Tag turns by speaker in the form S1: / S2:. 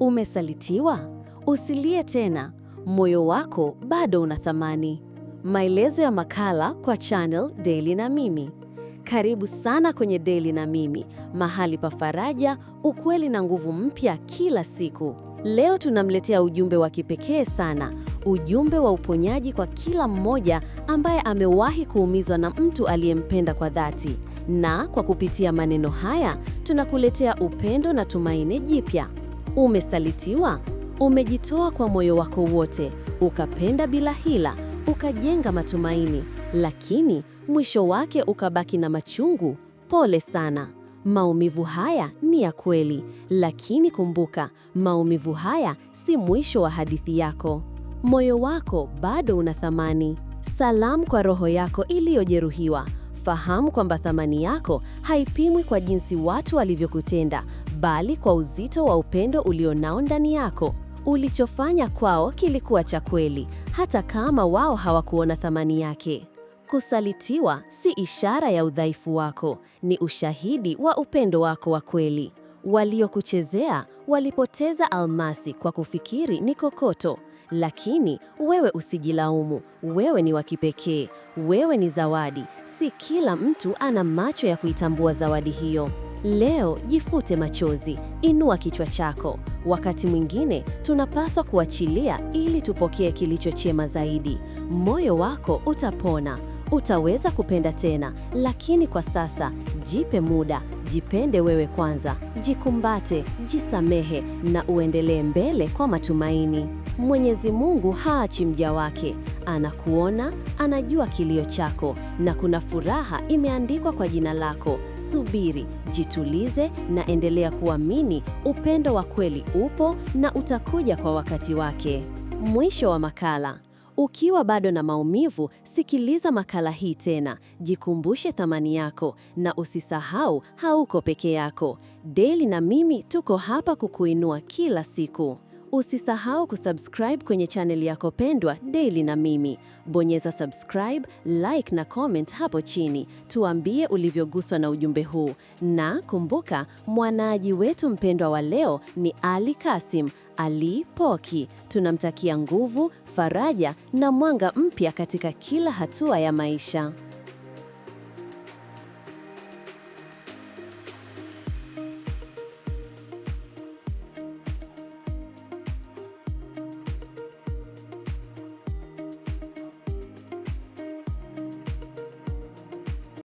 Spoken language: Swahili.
S1: Umesalitiwa? Usilie tena, moyo wako bado una thamani. Maelezo ya makala kwa channel Daily na Mimi. Karibu sana kwenye Daily na Mimi, mahali pa faraja, ukweli na nguvu mpya kila siku. Leo tunamletea ujumbe wa kipekee sana, ujumbe wa uponyaji kwa kila mmoja ambaye amewahi kuumizwa na mtu aliyempenda kwa dhati. Na kwa kupitia maneno haya, tunakuletea upendo na tumaini jipya. Umesalitiwa? Umejitoa kwa moyo wako wote, ukapenda bila hila, ukajenga matumaini, lakini mwisho wake ukabaki na machungu. Pole sana. Maumivu haya ni ya kweli, lakini kumbuka, maumivu haya si mwisho wa hadithi yako. Moyo wako bado una thamani. Salamu kwa roho yako iliyojeruhiwa. Fahamu kwamba thamani yako haipimwi kwa jinsi watu walivyokutenda, bali kwa uzito wa upendo ulionao ndani yako. Ulichofanya kwao kilikuwa cha kweli, hata kama wao hawakuona thamani yake. Kusalitiwa si ishara ya udhaifu wako, ni ushahidi wa upendo wako wa kweli. Waliokuchezea walipoteza almasi kwa kufikiri ni kokoto, lakini wewe usijilaumu. Wewe ni wa kipekee, wewe ni zawadi. Si kila mtu ana macho ya kuitambua zawadi hiyo. Leo jifute machozi, inua kichwa chako. Wakati mwingine tunapaswa kuachilia ili tupokee kilicho chema zaidi. Moyo wako utapona, utaweza kupenda tena, lakini kwa sasa jipe muda, Jipende wewe kwanza, jikumbate, jisamehe na uendelee mbele kwa matumaini. Mwenyezi Mungu haachi mja wake. Anakuona, anajua kilio chako na kuna furaha imeandikwa kwa jina lako. Subiri, jitulize na endelea kuamini upendo wa kweli upo na utakuja kwa wakati wake. Mwisho wa makala. Ukiwa bado na maumivu, sikiliza makala hii tena, jikumbushe thamani yako na usisahau, hauko peke yako. Deli na mimi tuko hapa kukuinua kila siku. Usisahau kusubscribe kwenye channel yako pendwa Daily na Mimi. Bonyeza subscribe, like na comment hapo chini. Tuambie ulivyoguswa na ujumbe huu, na kumbuka mwanaji wetu mpendwa wa leo ni Ali Kasim Ali Poki. Tunamtakia nguvu, faraja na mwanga mpya katika kila hatua ya maisha.